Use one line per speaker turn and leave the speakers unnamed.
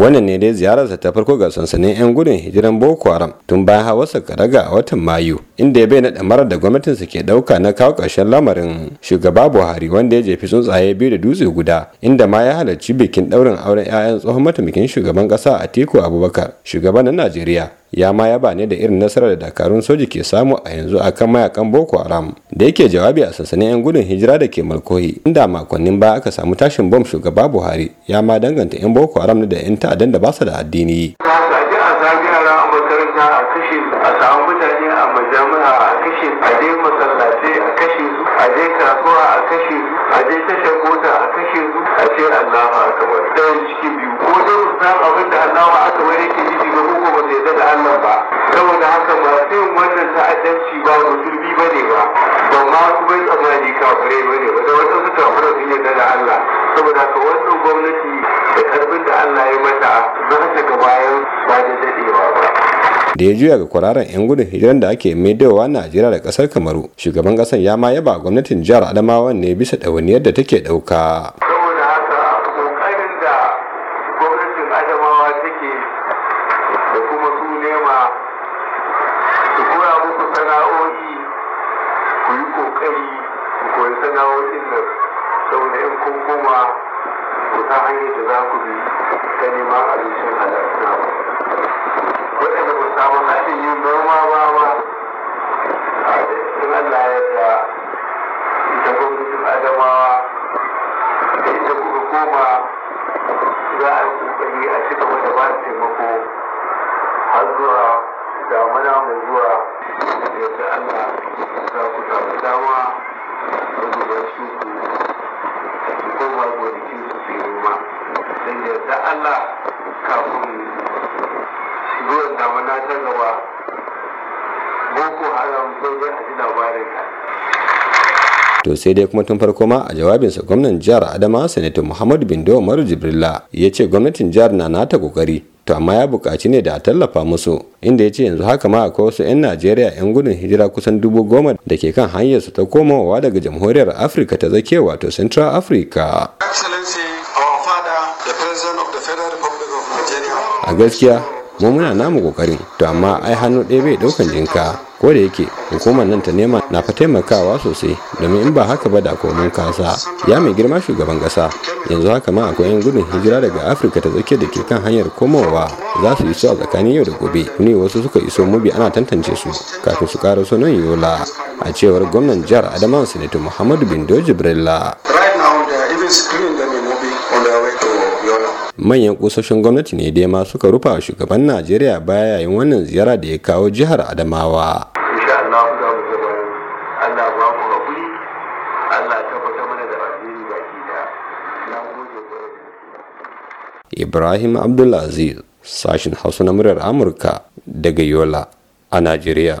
wannan ne dai ziyararsa ta farko ga sansanin 'yan gudun hijiran boko haram tun bayan hawarsa karaga a watan mayu inda ya bayyana marar da gwamnatinsa ke ɗauka na kawo ƙarshen lamarin shugaba buhari wanda ya jefi tsuntsaye biyu da dutse guda inda ma ya halarci bikin ɗaurin auren 'ya'yan tsohon mataimakin shugaban ƙasa a atiku abubakar shugaban na najeriya ya ma yaba ne da irin nasarar da dakarun soji ke samu a yanzu akan mayakan boko haram da yake jawabi a sansanin yan gudun hijira da ke malkohi inda makonnin ba aka samu tashin bom shugaba buhari ya ma danganta yan boko haram da yan ta'addan da ba su da addini a kashe a samu mutane a majami'a a kashe a masallatai a kashe su a je kasuwa a kashe tashar mota a kashe su a ce allahu akbar kan abin da Allah aka bari yake yi ba ko ba zai da Allah ba saboda haka ba sai wannan ta'addanci ba turbi ba ne ba ba ma su bai tsammani kafirai ba ne ba da wata su kafirai sun yi da Allah saboda haka wannan gwamnati da karfin da Allah ya mata za ta ga bayan ba da dadewa ba da ya juya ga kwararan 'yan gudun hijiran da ake maidowa Najeriya da kasar Kamaru shugaban kasar ya ma yaba gwamnatin jihar Adamawa ne bisa ɗawainiyar da take ɗauka. adamawa take da kuma su nema su koya muku sana'o'i ku yi kokari ku koyi sana'o'in nan saboda in kun koma ku ta hanyar da za ku bi ta neman abincin halatta waɗanda ku samu yin zuwa damana mai zuwa da ta Allah za ku samu dama a gudan su ku koma gonaki su su yi noma yadda Allah kafin zuwan damuna ta gaba boko haram sai dai a ji labarin to sai dai kuma tun farko ma a jawabinsa gwamnan jihar adama sanata muhammadu bindo umaru jibrila ya ce gwamnatin jihar na nata kokari to amma ya buƙaci ne da a tallafa musu inda ya ce yanzu haka ma akwai wasu 'yan najeriya 'yan gudun hijira kusan dubu goma da ke kan hanyarsu ta komawa daga jamhuriyar afirka ta zake wato central africa a gaskiya mu muna namu kokarin to amma ai hannu ɗaya bai ɗaukan jinka ko da yake hukumar nan ta nema na fa taimakawa sosai domin in ba haka ba da komin kasa ya mai girma shugaban kasa yanzu haka ma akwai yan gudun hijira daga afirka ta tsakiya da ke kan hanyar komowa za su iso a tsakanin yau da gobe ne wasu suka iso mubi ana tantance su kafin su ƙara nan yola a cewar gwamnan jihar adamawa sanatu muhammadu bindo jibrilla right now they even screening them in mubi manyan kusoshin gwamnati ne dai ma suka rufa shugaban najeriya baya yayin wannan ziyara da ya kawo jihar adamawa ibrahim abdulaziz sashin hausa na muryar amurka daga yola a najeriya